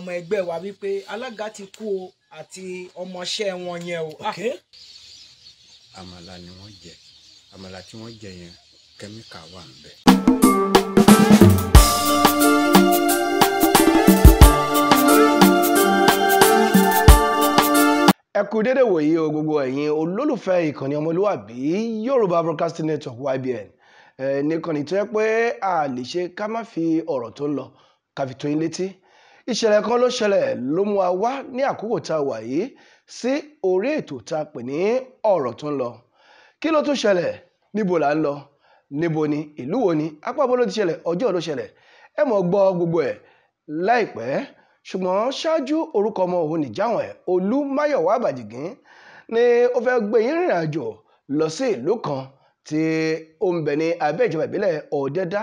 ọmọ ẹgbẹ́ wa wípé alága ti kú o àti ọmọọṣẹ́ wọn yẹn o. Ah, àmàlà ni wọ́n jẹ àmàlà tí wọ́n jẹ yẹn kẹ́míkà wà ń ẹ kú dédé wòyí o gbogbo ẹ̀yin olólùfẹ́ ìkànnì ọmọlúwàbí yorùbá broadcasting network ybn nìkànnì tó yẹ pé a lè ṣe ká má fi ọ̀rọ̀ tó ń lọ ká fi tó yín létí ìṣẹ̀lẹ̀ kan ló ṣẹlẹ̀ ló mú wa wá ní àkókò tá a wà yìí sí orí ètò tá a pè ní ọ̀rọ̀ tó ń lọ kí ló tún ṣẹlẹ̀ níbo là ń lọ níbo ni ìlú wo ni apá bó ló ti ṣẹlẹ̀ ọjọ́ ló ṣẹlẹ̀ ẹ mọ̀ gbọ́ gbogbo ẹ̀ láìpẹ́ ṣùgbọ́n ṣáájú orúkọ ọmọ òun nìjáwọn ẹ̀ Olúmáyọ̀wá Bàjìgín ni ó fẹ́ gbé yín rìnrìn àjò lọ sí ìlú kan tí ó ń bẹ ní abẹ́ ìjọba ìbílẹ̀ Ọ̀dẹ́dá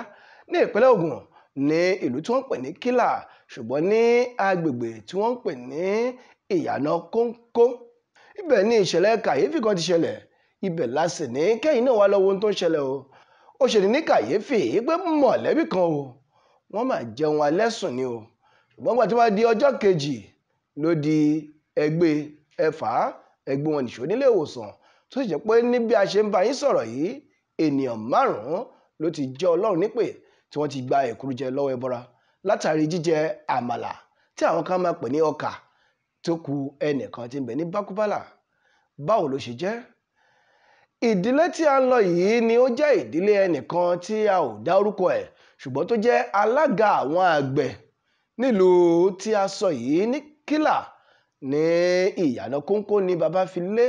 ní ìpínlẹ̀ Ògùn ní ìlú tí wọ́n ń pè ní kílà ṣùgbọ́n ní agbègbè tí wọ́n pè ní ìyànà kóńkó ibẹ̀ ni ìṣẹ̀lẹ̀ kàyéfì kan ti ṣẹlẹ̀ ibẹ̀ la sì ní kẹ́yìn náà wá lọ ohun tó ń ṣẹlẹ̀ o ó ṣe ní kàyéfì pé mọ̀lẹ́bí kan o wọ́n máa jẹun alẹ́ sùn ni o ṣùgbọ́n gbà tí wọ́n di ọjọ́ kejì ló di ẹgbẹ́ ẹ̀fà ẹgbẹ́ wọn nìṣó nílé ìwòsàn tó sì jẹ́ pé ní bí a ṣe ń bá yín sọ̀rọ̀ yìí ènìyàn márùn-ún ló ti jẹ́ ọlọ́run nípè tí wọ́n ti gba ẹ̀kúrú jẹ lọ́wọ́ ẹbọra látàrí jíjẹ àmàlà tí àwọn kan máa pè ní ọkà tó ku ẹnìkan tí ń bẹ ní bákúbálà báwo ló ṣe jẹ́ ìdílé tí a ń lọ yìí ni ó jẹ́ ìdílé ẹnìkan tí a ò dárúkọ ẹ̀ ṣùgbọ́n tó jẹ́ alága àwọn àgbẹ̀ nílùú tí a sọ yìí ní kílà ní ìyànà kóńkó ni bàbá fi lé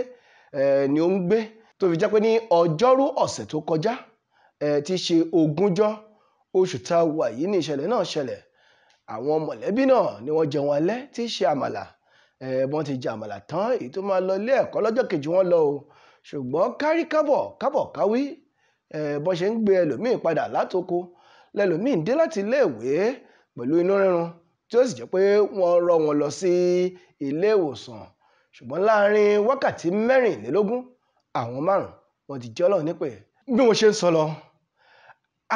ni ó ń gbé tó fi jẹ́ pé ní ọjọ́rú ọ̀sẹ̀ tó kọjá tí ṣe ogúnjọ́ oṣù tá a wà yìí ní ìṣẹ̀lẹ̀ náà ṣẹlẹ̀ àwọn mọ̀lẹ́bí náà ni wọ́n jẹun alẹ́ tí í ṣe àmàlà ẹ̀bọ́n ti jẹ àmàlà tán èyí tó máa lọ ilé ẹ̀kọ́ lọ́jọ́ kejì wọn lọ o ṣùgbọ́n kárí kábọ̀ kábọ̀ káwí ẹ̀bọ́n ṣe ń gbé ẹlòmíì padà látoko lẹlòmíì ń dé láti iléèwé pẹ̀lú inú rírun tí ó sì jẹ́ pé wọ́n rọ́ wọn lọ sí ilé ìwòsàn ṣùgbọ́n láàárín wákàtí mẹ́rìnlélógún àwọn márùn-ún wọ́n ti jẹ́ ọlọ́run nípè bí mo ṣe ń sọ lọ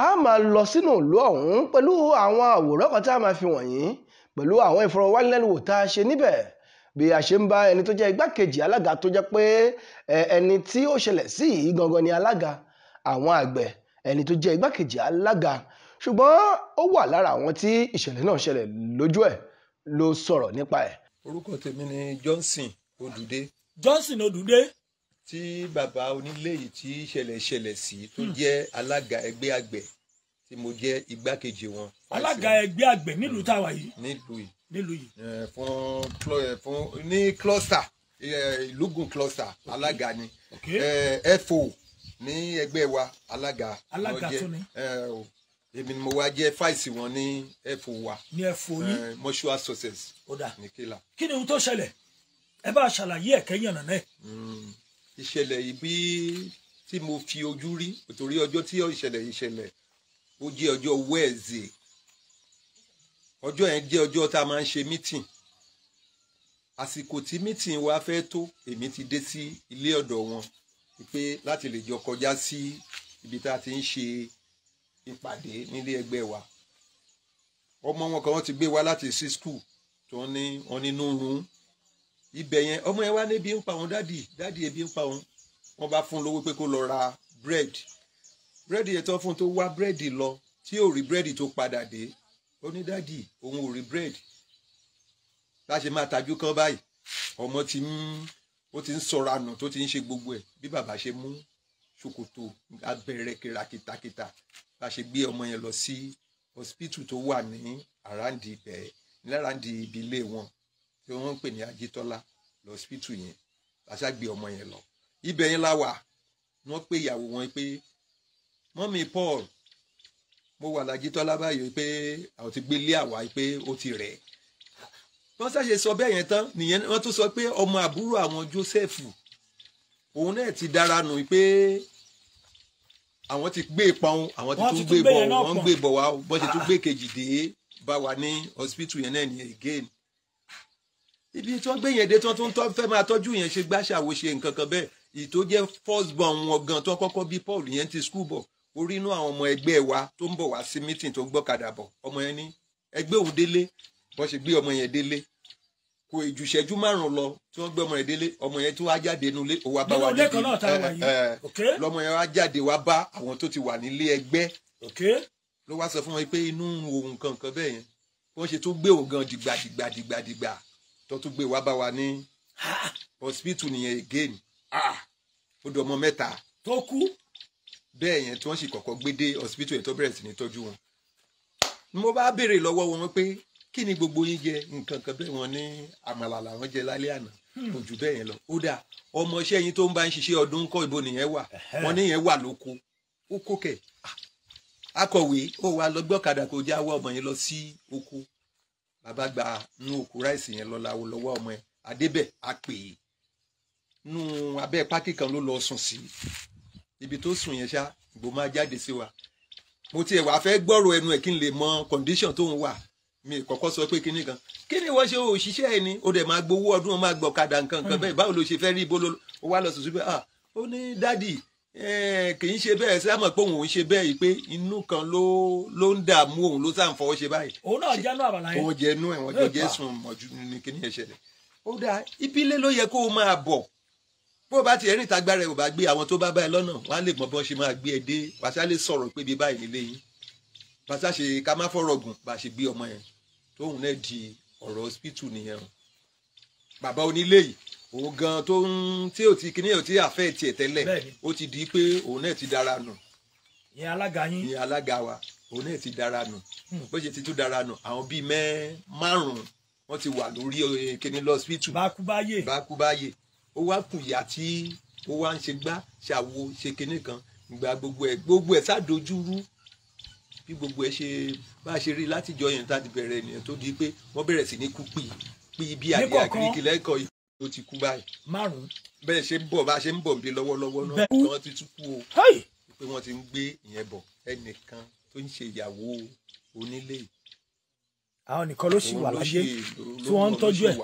a máa lọ sínú ìlú ọ̀hún pẹ̀lú àwọn àwòrán kan tá a máa fi wọ̀nyí pẹ̀lú àwọn ìfọ̀rọ̀wánilẹ́nuwò tá a ṣe níbẹ̀ bí a ṣe ń bá ẹni tó jẹ́ igbákejì alága tó jẹ́ pé ẹni tí ó ṣẹlẹ̀ sí yìí gangan ni alága àwọn àgbẹ̀ ẹni tó jẹ́ igbákejì alága ṣùgbọ́n ó wà lára àwọn tí ìṣẹ̀lẹ̀ náà ṣẹlẹ̀ lójú ẹ̀ ló sọ̀rọ̀ nípa ẹ̀. orúkọ tèmi ni Johnson Odùdé. Johnson Odùdé tí bàbá onílé yìí tí ìṣẹ̀lẹ̀ ìṣẹ̀lẹ̀ sí tó hmm. jẹ́ alága ẹgbẹ́ àgbẹ̀ tí mo jẹ́ igbákejì wọn. alága ẹgbẹ́ àgbẹ̀ nílùú hmm. táwa yìí. nílùú yìí nílùú yìí. fún fún ní cluster ìlúgùn cluster alága ni fo ní ẹgbẹ́ wa alága. alága tó ni èmi ni mo wá jẹ fáìsì wọn ní ẹfọ wa ní ẹfọ yín mọṣúà success ní kílà. kí ni ohun tó ṣẹlẹ̀ ẹ bá ṣàlàyé ẹ̀kẹ́ yànnà náà. Hmm ìṣẹ̀lẹ̀ yìí bí tí mo fi ojú rí torí ọjọ́ tí ìṣẹ̀lẹ̀ yìí ṣẹlẹ̀ ó jẹ́ ọjọ́ wẹ́ẹ̀zì ọjọ́ yẹn jẹ́ ọjọ́ tá a máa ń ṣe mítìn àsìkò tí mítìn wa fẹ́ tó èmi ti dé sí ilé ọ̀dọ̀ wọn pé láti lè jọ kọjá sí ibi tá a ti ń ṣe ìpàdé nílé ẹgbẹ́ wa ọmọ wọn kan ti gbé wa láti sí skul tó ní wọn nínú rún ibẹ̀ yẹn ọmọ yẹn wá ní ebi ń pa òun dádì dádì ebi ń pa òun wọ́n bá fún un lówó pé kó lọ ra bread bread yẹn tó fún un tó wá bread lọ tí ò rí bread tó padà dé ó ní dádì òun ò rí bread láṣẹ máa tajú kán báyìí ọmọ ti ń ó ti ń sọra nù tó ti ń ṣe gbogbo ẹ̀ bí bàbá ṣe mú ṣòkòtò abẹ́rẹ́ kira kìtàkìtà bá ṣe gbé ọmọ yẹn lọ sí hospital tó wà ní àràǹdì ibẹ̀ ní àràǹdì ibi ilé wọn pé wọ́n ń pè ní Ajitọ́lá lọ́sípítù yẹn làṣà gbé ọmọ yẹn lọ ibẹ̀ yẹn láwà wọ́n pè ìyàwó wọn pé mọ́mí Paul mo wà l'Ajitọ́lá báyìí pé àwọn ti gbé lé àwa pé ó ti rẹ̀ wọ́n ṣàṣe sọ bẹ́ẹ̀ yẹn tán nìyẹn wọ́n tún sọ pé ọmọ àbúrò àwọn Joseph òun náà ti dára nù pé àwọn ti gbé ìpọn àwọn ti tún gbé bọ̀ wọ́n gbé bọ̀ wá bọ́n ti tún gbé kejì dé bá wa ní hospital yẹn náà ní again ibi tí wọ́n gbé yẹn dé tí wọ́n tún tọ́ fẹ́ máa tọ́jú yẹn ṣe gbáṣàwò ṣe nǹkan kan bẹ́ẹ̀ ìtó jẹ́ first born wọn gan tó kọ́kọ́ bí Paul yẹn ti school bọ̀ orí inú àwọn ọmọ ẹgbẹ́ wa tó ń bọ̀ wá sí meeting tó gbọ́kadà bọ̀ ọmọ yẹn ní ẹgbẹ́ òun délé bọ́n ṣe gbé ọmọ yẹn délé kò ìjù ìṣẹ́jú márùn-ún lọ tí wọ́n gbé ọmọ yẹn délé ọmọ yẹn tó wá jáde nulẹ̀ ó wá bá wa níbi eh, eh, eh. lọmọ yẹn wá jáde wá bá wà nílé ẹgbẹ́ ló wá sọ fún wọn pé inú òun kankan bẹ́ẹ̀ yẹn wọ́n ṣe tó gbé òun gan dìgbà tó tún gbé wá bá wa ní hospital nìyẹn again ah, ó di ọmọ mẹ́ta tó kú bẹ́ẹ̀ yẹn tí wọ́n sì kọ́kọ́ gbé dé hospital yẹn tó bẹ̀rẹ̀ sí ní tọ́jú wọn mo bá béèrè lọ́wọ́ wọn pé kí ni gbogbo yín jẹ nǹkan kan bẹ́ẹ̀ wọn ní àmàlà làwọn jẹ lálẹ́ àná hmm. kò jù bẹ́ẹ̀ yẹn lọ ó dà ọmọọṣẹ́ yín tó ń bá ń ṣiṣẹ́ ọdún kọ́ ibo nìyẹn wà wọn níyẹn wà lóko ó kó kẹ̀ ah, akọ̀wé ó wà lọ́gbọ́kadà kó já wọ́ ọmọ yẹn lọ sí oko bàbá gba nú òkú ráìsì yẹn lọ làwọn lọ́wọ́ ọmọ ẹ adébẹ̀ àpè nú abẹ́ pákí kan ló lọ sùn sí ibi tó sùn yẹn ṣá ìbò máa jáde sí wa mo tiẹ̀ wá fẹ́ gbọ́rọ̀ ẹnu ẹ̀ kí n lè mọ condition tóun wà mi kọ́kọ́ sọ pé kíní kan kí ni wọ́n ṣe òṣìṣẹ́ ẹ̀ ni ó dẹ̀ máa gbowó ọdún ó máa gbọ́ kadà nǹkan nǹkan bẹ́ẹ̀ hmm. báwo ló ṣe fẹ́ rí ibo ló wà lọ sùn sí pé ah ó ní dádì kì í ṣe bẹ́ẹ̀ sábà pé òun ò ń ṣe bẹ́ẹ̀ pé inú kan ló ló ń dààmú òun ló sàn fọwọ́ ṣe báyìí. òun náà jẹ́ àbàlá yẹn. òun jẹ́ ẹ̀ wọ́n jẹ́ sùn mọ̀jú ní kíní ẹ̀ ṣẹlẹ̀. ó dáa ìbílẹ̀ ló yẹ kó o máa bọ̀ bó o bá ti ẹ̀rìn ìtagbá rẹ̀ ò bá gbé àwọn tó bá bá ẹ lọ́nà wọ́n á lè mọ bí wọ́n ṣe máa gbé ẹ dé pàṣẹ lè sọ̀rọ̀ pé bí báyìí nílé yín pàṣẹ ṣe ká má fọ̀rọ̀ gùn bá a ṣe gbé ọmọ yẹn tóun náà di ọ̀rọ̀ hospital nìyẹn bàbá onílé yìí o gan tó ń tí o ti kíní o ti àfẹ́ tiẹ̀ tẹ́lẹ̀ ó ti di pé òun náà ti dára nù. ìyẹn alága yín ìyẹn alága wa òun náà ti dára nù hmm. bó ṣe ti tún dára nù àwọn bíi mẹ́ márùn-ún wọ́n ti wà lórí eh, kíní lọ́sípítù. bákúbáyè bákúbáyè ó wá kùyà tí ó wá ń ṣe gbá ṣàwo ṣe kíní kan gba gbogbo ẹ gbogbo ẹ ṣàdójúrú bí gbogbo ẹ ṣe bá ṣe rí látijọ́ yẹn tá bẹ̀rẹ̀ ènìyàn tó di pé wọ́n bẹ̀rẹ̀ sí ní kú pì pì bí adìẹ àgíríkì lẹ́kọ̀ọ́ yìí ó ti kú báyìí. márùn. bẹ́ẹ̀ ṣe ń bọ̀ bá ṣe ń bọ̀ nbí lọ́wọ́lọ́wọ́ náà wọ́n ti tún kú o pé wọ́n ti ń gbé ìyẹn bọ̀ ẹnìkan tó ń ṣe ìyàwó onílé àwọn nìkan ló sì wà láyé tí wọ́n ń tọ́jú ẹ̀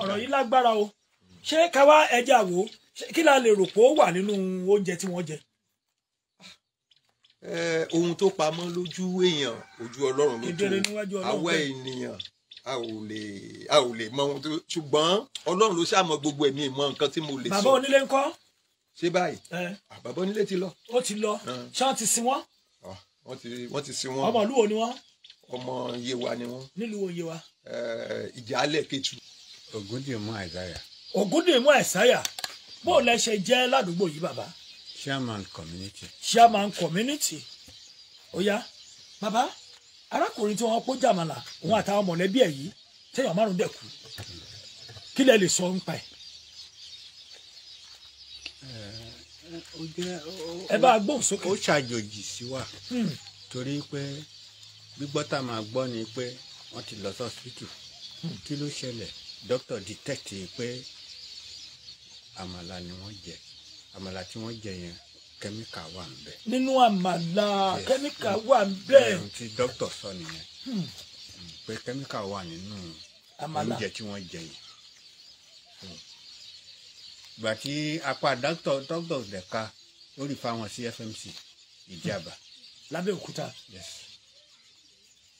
ọ̀rọ̀ yìí lágbára o ṣé ká ẹja wò kí la lè rò pé ó wà nínú oúnjẹ tí wọ́n jẹ. Eh, ohun tó pamọ́ lójú èèyàn ojú ọlọ́run ló tó àwa ènìyàn a ò lè a ò lè mọ ohun tó ṣùgbọ́n ọlọ́run ló ṣàmọ gbogbo ẹ̀mí ìmọ̀ nǹkan tí mo lè sọ. bàbá onílé ńkọ́. ṣé báyìí ah, bàbá onílé ti lọ. ó ti lọ ah. ṣé wọ́n ti sin wọ́n. Ah, wọ́n ti sin wọ́n. ọmọ ìlú wo ni wọ́n. ọmọ yewa ni wọ́n. nílùú wo yewa. Eh, ìjàlẹ̀ kejì. ògúndìmú àìsáyà. ògúndìmú àìsáyà bó o lẹ ṣe jẹ́ ládùúgbò yìí bàbá. chairman community. chairman community. ó yá bàbá arákùnrin tí wọ́n pọ́ jàmàlà òun àtàwọn mọ̀lẹ́bí ẹ̀ yìí tẹ̀yàn márùn-ún dẹ̀ kú kí lẹ lè sọ ń pa ẹ̀. ẹ bá a gbóhùn sókè. ó ṣàjòjì sí wa hmm. torí pé gbígbọ́ tá a máa gbọ́ ni pé wọ́n ti lọ sọ́sítù hmm. kí ló ṣẹlẹ̀ dókítà detect pé àmàlà ni wọ́n jẹ àmàlà tí wọ́n jẹ yẹn kẹ́míkà wà níbẹ̀. nínú àmàlà kẹ́míkà wà níbẹ̀. ohun tí dókítà sọ nìyẹn hmm. Hmm, pé kẹ́míkà wà nínú oúnjẹ tí wọ́n jẹ yìí. Hmm. ìgbà tí apá dókítà dókítà dẹ̀ka ó rí fáwọn sí FMC Ìdíàbà. lábẹ́òkúta. yes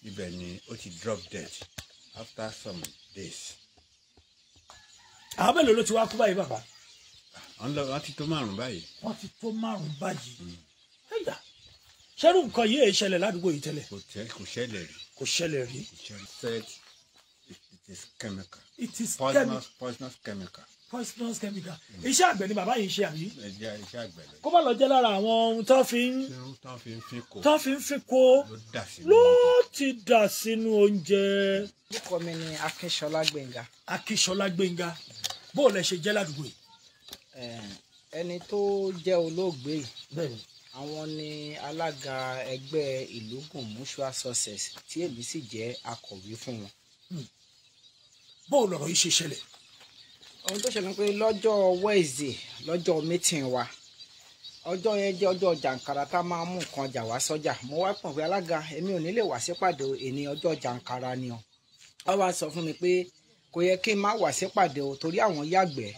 ibẹ̀ ni ó ti drop dead after some days. àwọn mélòó ló ti wá kú báyìí bàbá wọ́n ti tó márùn báyìí. wọ́n ti tó márùn báyìí. ẹ̀yà ṣẹ́rù nǹkan yìí ṣẹlẹ̀ ládùúgbò yìí tẹ́lẹ̀. kò tẹ́ kò ṣẹlẹ̀ rí. kò ṣẹlẹ̀ rí. it is chemical. it is chemical. poisonous chemical poisonous chemical iṣẹ́ àgbẹ̀ ni bàbá yìí ṣe àbí kó bá lọ jẹ́ lára àwọn ohun tó fi ń tó fi ń fi kó ló ti dà sínú oúnjẹ. orúkọ mi ni akínṣọlá gbẹ̀ngà. akínṣọlá gbẹ̀ngà bó o lẹ ṣe jẹ́ ládùúgbò yìí. Eh, ẹni tó jẹ́ olóògbé yìí àwọn ni alága ẹgbẹ́ ìlúgùn mutual success tí èmi sì jẹ́ akọ̀wé fún wọn. Hmm. bó o lọ̀rọ̀ yìí ṣe ṣẹlẹ̀. ohun tó ṣẹlẹ̀ pé lọ́jọ́ wednesday lọ́jọ́ meeting wa ọjọ́ yẹn jẹ́ ọjọ́ jàǹkàrà tá a máa mú nǹkan ọjà wá sọ́jà mo wá pọ̀ pé alága èmi ò ní lè wá sípàdé èní ọjọ́ jàǹkàrà ni o wọ́n wá sọ fún mi pé kò yẹ kí n má wá sípàdé o torí àwọn yàgbẹ́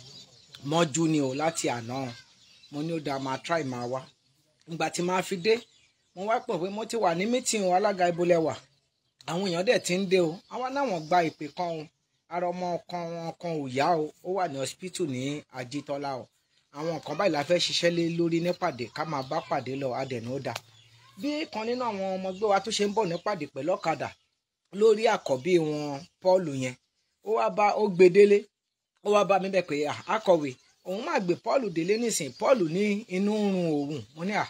mọ́jú ni o láti àná mo ní ó dáa máa try máa wá ìgbà tí máa fi dé mo wá pọ̀ pé mo ti wà ní mítìn o alága ibùlẹ̀ wà àwọn èèyàn dẹ̀ ti ń dé o àwọn náwọn gba ìpè kan o ara ọmọ kan wọn kan ò yá o ó wà ní hospital ní Ajitọ́lá o àwọn nǹkan báyìí la fẹ́ ṣiṣẹ́ lé lórí nípàdé ká máa bá pàdé lọ adẹ̀nú ó dáa bí kan nínú àwọn ọmọ ẹgbẹ́ wa tó ṣe ń bọ̀ nípàdé pẹ̀lú ọ̀kadà lórí àkọ́bí wọn Paul yẹn ó wá bá ó gbedele ó wá bá mi bẹ̀ pé akọ̀wé òun máa gbé Paul délé nísìn Paul ní inú ń run òun mo ní à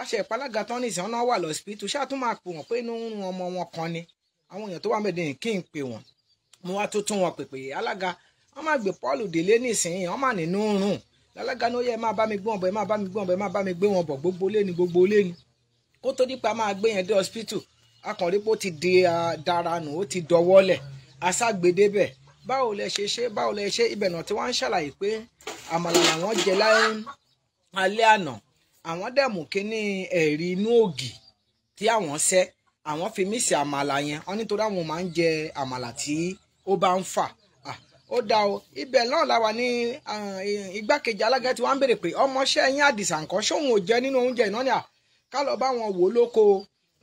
àṣẹ ìpalága tán nísìn ọ̀nà wà lọ́sibítù ṣáà tún máa pè wọ́n pé inú ń run ọmọ wọn kan ni àwọn èèyàn tó wà mẹ́ẹ̀dẹ́ yìí kí n pè wọ́n mo wá tó tún wọn pèpè alága wọ́n máa gbé Paul délé nísìn wọ́n máa nínú ń run lálága ní ó yẹ máa bá mi gbé wọn bọ̀ ẹ máa bá mi gbé wọn bọ̀ ẹ máa bá mi gbé wọn bọ̀ gbogbo lé gbogbo lé kó tó nípa máa gbé yẹn dé hospital akànrípò ti di daranu ó ti dọwọ́lẹ̀ aṣágbedébẹ̀ báwo lẹ ṣe ṣe báwo lẹ ṣe ibẹ̀ náà tí wọ́n ń ṣàlàyé pé àmàlà làwọn jẹ láyé alẹ́ àná àwọn dẹ̀mú kínní ẹ̀rí inú ògì tí àwọn ṣẹ́ àwọn fi mísì àmàlà yẹn wọ́n nítorí àwọn máa ń jẹ àmàlà tí ó bá ń fà ó dá o ibẹ̀ náà la wà ní igbákejì alága tí wọ́n ń béèrè pé ọmọọṣẹ́ yín àdìsá nǹkan ṣóun ò jẹ nínú oúnjẹ ìnáwó ni à ká lọ bá wọn wò lóko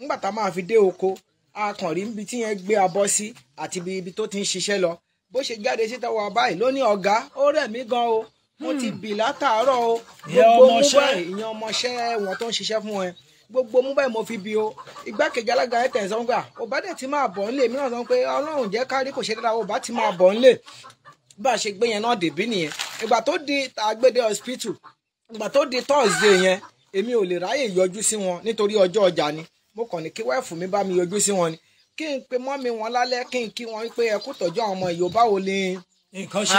ńgbà tá máa fi dé oko akànrí níbi tí yẹn gbé abọ́ sí àti ibi tó ti ń ṣiṣẹ́ lọ bó ṣe jáde síta wà báyìí ló ní ó rẹ̀ mí gan o mo ti hmm. bì látàárọ̀ o gbogbo mú báyìí ìyẹn ọmọọṣẹ́ wọn tó ń ṣiṣẹ́ fún ẹ gbogbo mú báyìí mo fi bi o igbákejì alága ẹ̀ tẹ̀sán gbà ò bá dẹ̀ ti máa bọ̀ ńlẹ̀ mìíràn sọ pé ọlọ́run jẹ́ kárí kò ṣe dáadáa ò bá ti máa bọ̀ ńlẹ̀ bá a ṣe gbé yẹn náà dèbí nìyẹn ìgbà tó di àgbèdè hospital ìgbà tó di Thursday yẹn èmi ò lè ráyè yọjú sí wọn nítorí ọjọ́ ọjà ni mo kàn ní kí wẹ́ẹ̀fù mi bá mi yọjú sí wọn ni kí n pe mọ́mi wọn lálẹ́ kí n kí wọn pé ẹ kú tọ́jú àwọn ọmọ Yorùbá wo ni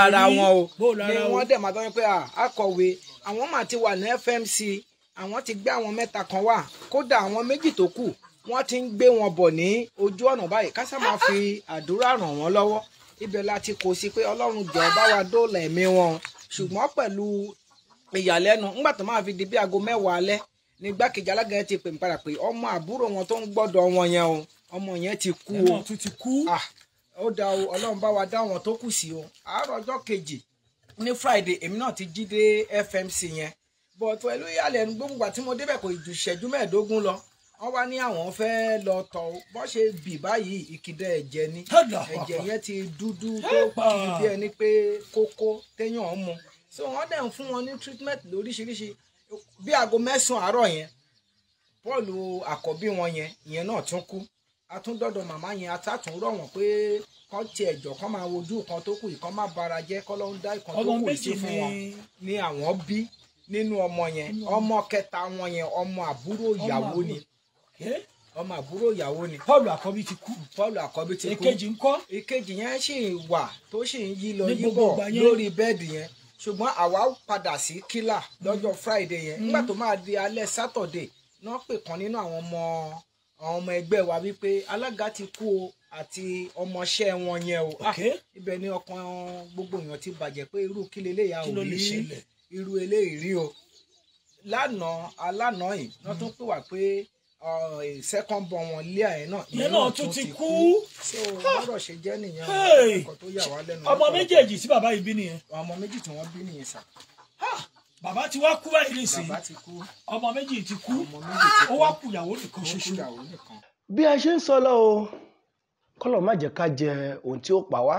ara wọn o ni wọ́n dẹ̀ máa tọ́jú pé akọ̀wé àwọn mà ti wà ní FMC àwọn ti gbé àwọn mẹ́ta kan wà kódà àwọn méjì tó kù wọ́n ti ń gbé wọn bọ̀ ní ojú ọ̀nà báyìí ká sáà máa fi àdúrà ràn wọ́n lọ́wọ́ ibẹ̀ la ti kò sí pé Ọlọ́run jẹ́ bá wa dóòlà ẹ̀mí wọn ṣùgbọ́n pẹ̀lú ìyàlẹ́nu ńgbà tó máa fi di bí aago mẹ́wàá alẹ́ ní igbákejì alága yẹn ti pè mí padà pé ọmọ àbúrò wọn tó ń gbọ́dọ̀ wọn yẹn o ọmọ yẹn ti kú o ẹ̀mọ́ tún ti kú ah, ó da o ọlọ́run bá wa dá wọn tó kù sí o àárọ̀ ọjọ́ kejì ní friday èmi náà ti jí dé fmc yẹn but pẹ̀lú ìyàlẹ̀ ẹnu gbogbo àti mo débẹ̀ kò ju ìṣẹ́jú mẹ́ẹ̀ẹ́dógún lọ wọ́n wá ní àwọn fẹ́ lọ tọ̀ bọ́ ṣe bì báyìí ìkìdá ẹ̀jẹ̀ ni ẹ̀jẹ̀ yẹn ti dúdú tó kì í bí ẹni pé kókó téèyàn mu so wọ́n dẹ̀ ń fún wọn ní treatment lóríṣiríṣi bí aago mẹ́sàn-án àárọ̀ yẹn Paul àkọ́bí wọn yẹn ìyẹn náà tún kú atúndọ̀dọ̀ màmá yẹn atátún rọ̀ wọ́n pé kán tiẹ̀ jọ kán máa wojú kan tó kù ìkan má bara jẹ́ kọ́ ló ń dá ìkan tó kù sí fún wọn ni àwọn bí nínú ọmọ yẹn ọmọ kẹta wọn yẹn ọmọ àbúrò ìyàwó ni ọmọ àbúrò ìyàwó ni. Paul àkọ́bí ti kú. Paul àkọ́bí ti kú. èkejì ń kọ́. èkejì yẹn sì wà tó sì ń yí lọ yíbọ̀ lórí bẹ́ẹ̀dì yẹn ṣùgbọ́n àwa padà sí kílà lọ́jọ́ mm. Friday yẹn nígbà mm. tó máa di alẹ́ Saturday náà pè kan nínú àwọn ọmọ àwọn ọmọ ẹgbẹ́ wa wípé alága ti kú o àti ọmọọṣẹ́ wọn yẹn o ah, ibẹ̀ ni ọkàn gbogbo èèyàn ti bàjẹ́ pé irú kí leléyà ò rí irú eléyìí rí o lánàá alánà yìí wọ́n tún pè wá pé second born wọn lé àyè náà ìyẹn náà tún ti kú so bọ́dọ̀ ṣe jẹ́ nìyẹn ọkọ̀ tó yà wá lẹ́nu ọmọ méjèèjì tí bàbá yìí bí nìyẹn ọmọ méjì tí wọ́n bí nìyẹn sà bàbá ti wá kú báyìí nísìnyí ọmọ méjì ti ah! kú ó wá kú ìyàwó nìkan ṣoṣo. bí a ṣe ń sọ lọ o kọlọ má jẹ́ ká jẹ ohun tí ó pa wá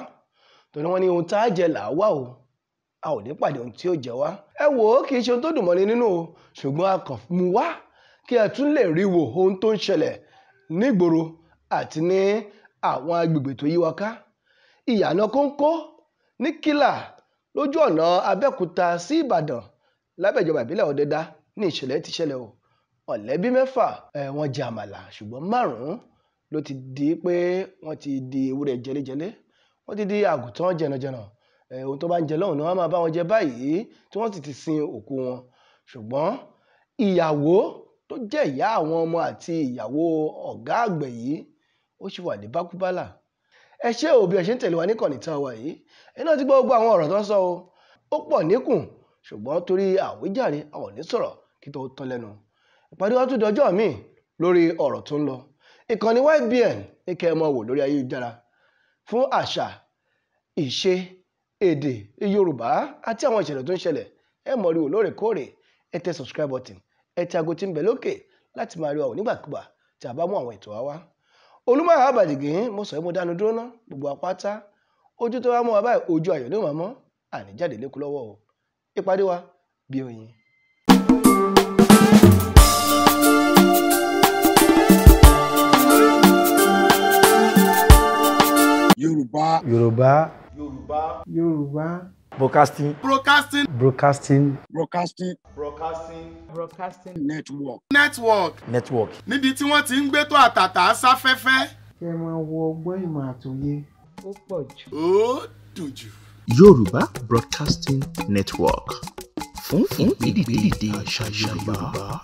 torí wọ́n ní ohun tá a jẹ là á wà o a ò ní pàdé ohun tí ó jẹ wá. ẹ wò ó kì í ṣe ohun tó dùn mọ́ni nínú o ṣùgbọ́n a kàn mú wá kí ẹ tún lè rí wo ohun tó ń ṣẹlẹ̀ nígboro àti ní àwọn agbègbè tó yí wa ká ìyànà kóńkó ní kílà lójú ọ̀nà Abẹ́òkúta sí Ìbàdàn lábẹ́ ìjọba ìbílẹ̀ ọ̀dẹ́dá ní ìṣẹ̀lẹ̀ ti ṣẹlẹ̀ o ọ̀lẹ́bí mẹ́fà wọ́n jẹ àmàlà ṣùgbọ́n márùn-ún ló ti di pé wọ́n ti di ewúrẹ́ jẹlẹ́jẹlé wọ́n ti di àgùntàn jẹnàjẹnà ohun tó bá ń jẹ lọ́hùn ni wọ́n máa bá wọn jẹ báyìí tí wọ́n sì ti sin òkú wọn ṣùgbọ́n ìyàwó tó jẹ́ ìyá àwọn ọmọ àti ìyàwó ọ̀gá àgbẹ̀ yìí ó sì wà ní bákúbálà ẹ ṣé òbí ẹ ṣe ń tẹ̀lé wa níkànnì tá a wà yìí ẹ náà ti gbọ́ gbogbo àwọn ọ̀rọ̀ tó ń sọ o ó pọ̀ níkùn ṣùgbọ́n torí àwíjàre a ò ní sọ̀rọ̀ kí tó tán lẹ́nu ìpàdé wa tún dọjọ́ míì lórí ọ̀rọ̀ tó ń lọ ìkànnì YBN ní kẹ́ ẹ mọ wò lórí ayélujára fún àṣà ìṣe èdè Yorùbá àti àwọn ìṣẹ̀lẹ̀ tó ń ṣẹlẹ̀ ẹ mọ̀ rí wò lóòrèkóòrè ẹ tẹ subscribe button ẹ tẹ aago tí ń bẹ lókè láti máa rí wa wò nígbàkúgbà tí a bá mú àwọn ètò wa wá olúmọ àbàdìgín mo sọ mo dánu dúró ná gbogbo apáta ojú tó wá mú wa báyìí ojú ayọ̀ ló máa mọ́ àní jáde lẹ́kú lọ́wọ́ o ìpàdé wa bí oyin. Yorùbá. Yorùbá. Yorùbá. Yorùbá. Broadcasting. Broadcasting. Broadcasting. Broadcasting. Broadcasting. Broadcasting. Network. Network. Network. Níbi tí wọ́n ti ń gbé tó àtàtà sáfẹ́fẹ́. Kẹ́ ẹ máa wo ọgbọ́n ìmọ̀ àtòyé. Ó pọ̀ jù. Ó dùn jù. Yorùbá Broadcasting Network fún ìgbédìde àṣà Yorùbá.